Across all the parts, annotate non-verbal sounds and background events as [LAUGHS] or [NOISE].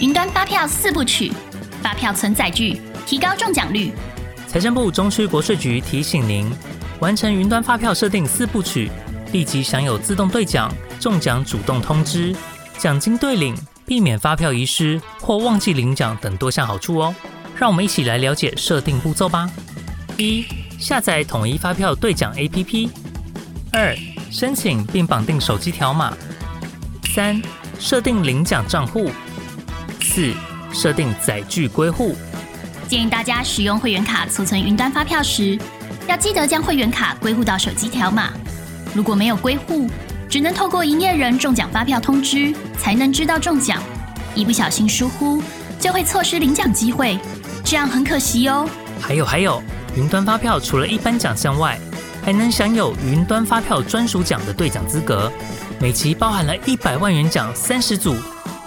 雲端發票四部曲，發票存載具，提高中獎率。財政部中區國稅局提醒您，完成雲端發票設定四部曲，立即享有自動兌獎、中獎主動通知、獎金兌領、避免發票遺失或忘記領獎等多項好處哦。讓我們一起來了解設定步驟吧：一、下載統一發票兌獎 APP；二、申請並綁定手機條碼；三、設定領獎賬戶。四，設定載具歸戶。建議大家使用會員卡儲存雲端發票時，要記得將會員卡歸戶到手機條碼。如果沒有歸戶，只能透過營業人中獎發票通知才能知道中獎。一不小心疏忽，就會錯失領獎機會，這樣很可惜哦。還有還有，雲端發票除了一般獎項外，還能享有雲端發票專屬獎的兌獎資格。每期包含了一百萬元獎三十組。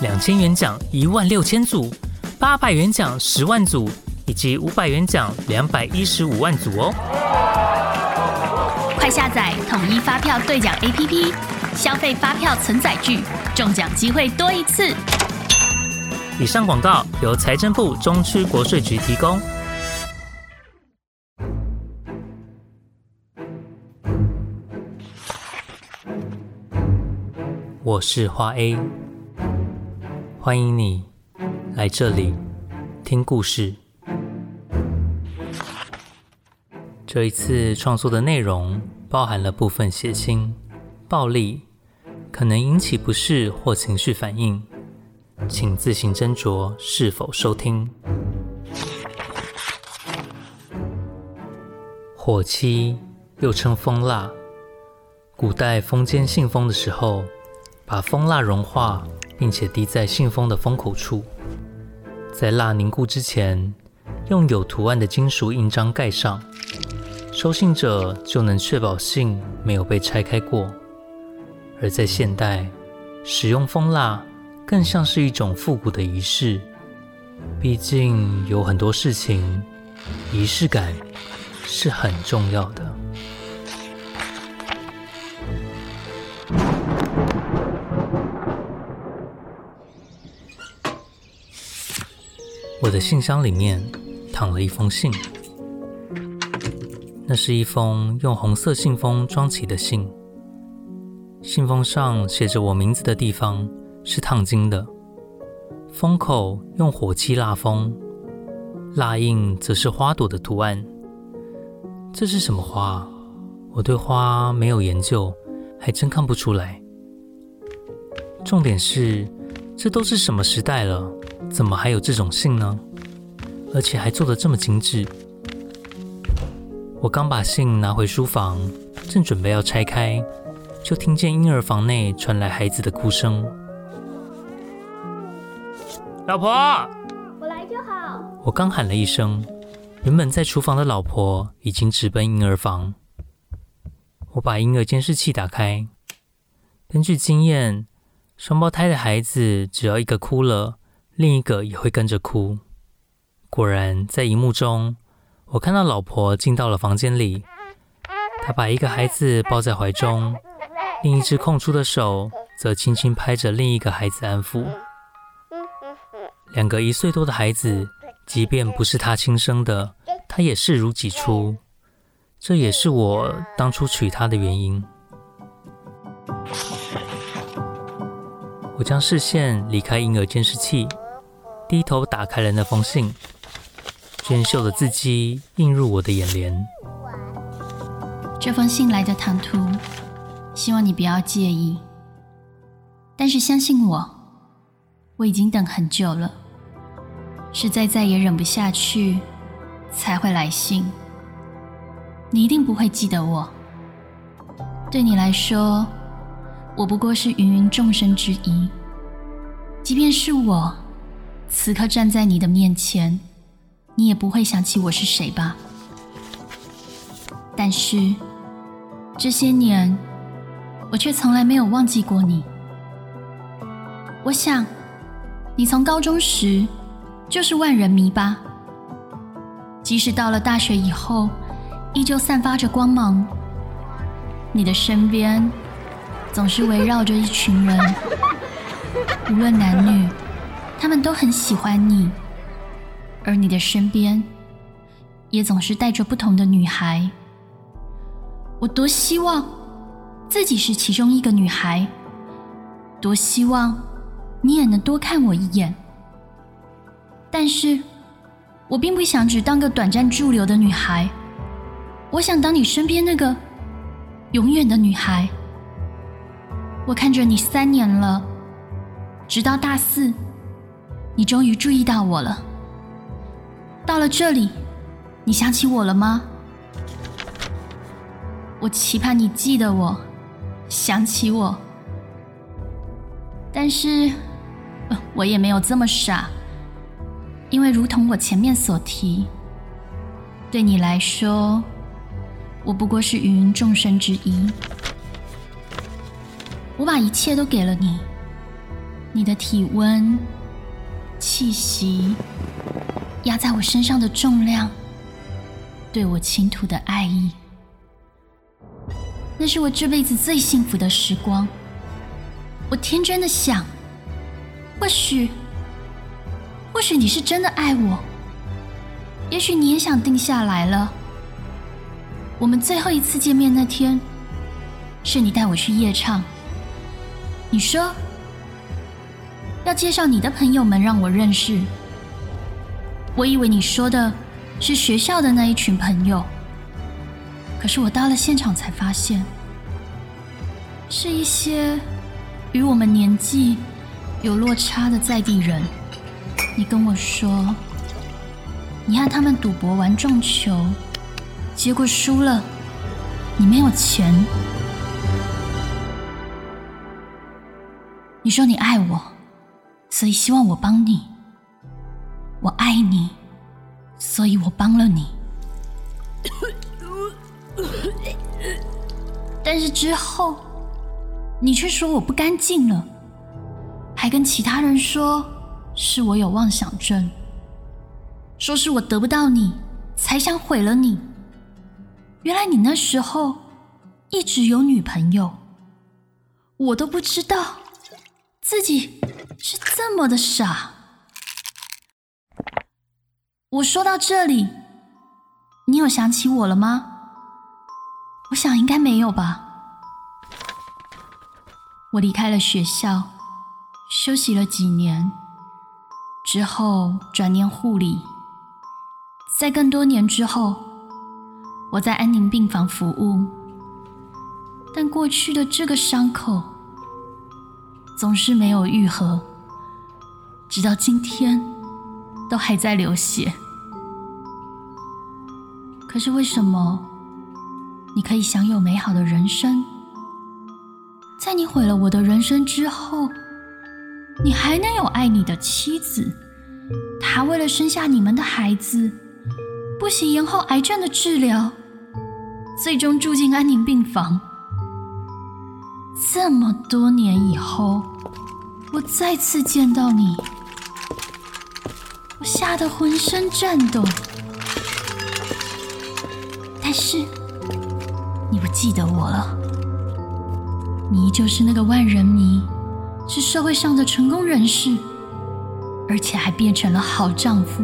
兩千元獎一萬六千組，八百元獎十萬組，以及五百元獎兩百一十五萬組哦！快下載統一發票兌獎 APP，消費發票存載具，中獎機會多一次。以上廣告由財政部中區國稅局提供。我是花 A。歡迎你來這裡聽故事。這一次創作的內容包含了部分血腥、暴力，可能引起不適或情緒反應，請自行斟酌是否收聽。火漆又稱封蠟，古代封緘信封的時候，把封蠟融化。並且滴在信封的封口處，在蠟凝固之前，用有圖案的金屬印章蓋上，收信者就能確保信沒有被拆開過。而在現代，使用封蠟更像是一種復古的儀式，畢竟有很多事情，儀式感是很重要的。我的信箱裡面躺了一封信，那是一封用紅色信封裝起的信，信封上寫着我名字的地方是燙金的，封口用火漆蠟封，蠟印則是花朵的圖案。這是什麼花？我對花沒有研究，還真看不出來。重點是，這都是什麼時代了？怎麼還有這種信呢？而且還做得這麼精緻。我剛把信拿回書房，正準備要拆開，就聽見嬰兒房內傳來孩子的哭聲。老婆，我來就好。我剛喊了一聲，原本在廚房的老婆已經直奔嬰兒房。我把嬰兒監視器打開，根據經驗，雙胞胎的孩子，只要一個哭了，另一個也會跟着哭。果然，在熒幕中，我看到老婆進到了房間裡，她把一個孩子抱在懷中，另一隻空出的手則輕輕拍着另一個孩子安撫。兩個一歲多的孩子，即便不是她親生的，她也視如己出。這也是我當初娶她的原因。我將視線離開嬰兒監視器，低頭打開了那封信，娟秀的字跡映入我的眼簾。這封信來得唐突，希望你不要介意。但是相信我，我已經等很久了，實在再也忍不下去才會來信。你一定不會記得我，對你來說。我不過是芸芸眾生之一，即便是我，此刻站在你的面前，你也不會想起我是誰吧？但是這些年，我卻從來沒有忘記過你。我想，你從高中時就是萬人迷吧？即使到了大學以後，依舊散發着光芒。你的身邊……總是圍繞着一群人，無論男女，他們都很喜歡你。而你的身邊，也總是帶着不同的女孩。我多希望自己是其中一個女孩，多希望你也能多看我一眼。但是，我並不想只當個短暫駐留的女孩，我想當你身邊那個永遠的女孩。我看着你三年了，直到大四，你終於注意到我了。到了這裡，你想起我了嗎？我期盼你記得我，想起我。但是，我也沒有這麼傻，因為如同我前面所提，對你來說，我不過是芸芸眾生之一。我把一切都給了你，你的體溫、氣息、壓在我身上的重量、對我傾吐的愛意，那是我這輩子最幸福的時光。我天真的想，或許，或許你是真的愛我，也許你也想定下來了。我們最後一次見面那天，是你帶我去夜唱。你說要介紹你的朋友們讓我認識，我以為你說的是學校的那一群朋友，可是我到了現場才發現，是一些與我們年紀有落差的在地人。你跟我說，你和他們賭博玩撞球，結果輸了，你沒有錢。你說你愛我，所以希望我幫你。我愛你，所以我幫了你。 [LAUGHS] 但是之後，你卻說我不乾淨了，還跟其他人說是我有妄想症，說是我得不到你才想毀了你。原來你那時候一直有女朋友，我都不知道。自己是這麼的傻。我說到這裡，你有想起我了嗎？我想應該沒有吧。我離開了學校，休息了幾年，之後轉念護理。在更多年之後，我在安寧病房服務。但過去的這個傷口。總是沒有癒合，直到今天都還在流血。可是為什麼你可以享有美好的人生？在你毀了我的人生之後，你還能有愛你的妻子？她為了生下你們的孩子，不惜延後癌症的治療，最終住進安寧病房。這麼多年以後，我再次見到你，我嚇得渾身顫抖。但是，你不記得我了。你依舊是那個萬人迷，是社會上的成功人士，而且還變成了好丈夫、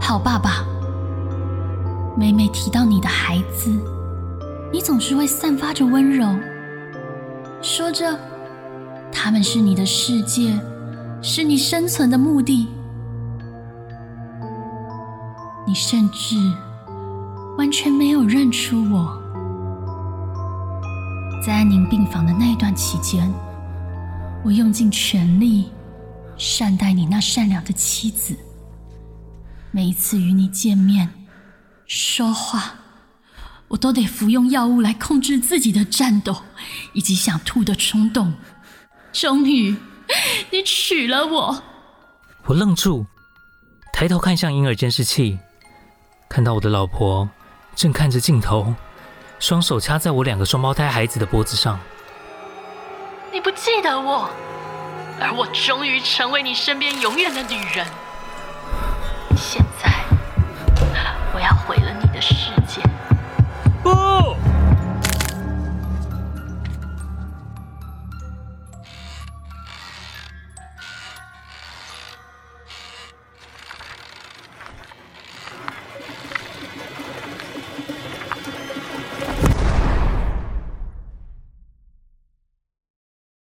好爸爸。每每提到你的孩子，你總是會散發着溫柔。說着，他們是你的世界，是你生存的目的。你甚至完全沒有認出我。在安寧病房的那一段期間，我用盡全力善待你那善良的妻子，每一次與你見面、說話，我都得服用藥物來控制自己的顫抖，以及想吐的衝動。終於，你娶了我。我愣住，抬頭看向嬰兒監視器，看到我的老婆正看着鏡頭，雙手掐在我兩個雙胞胎孩子的脖子上。你不記得我，而我終於成為你身邊永遠的女人。現在，我要毀了你的世界。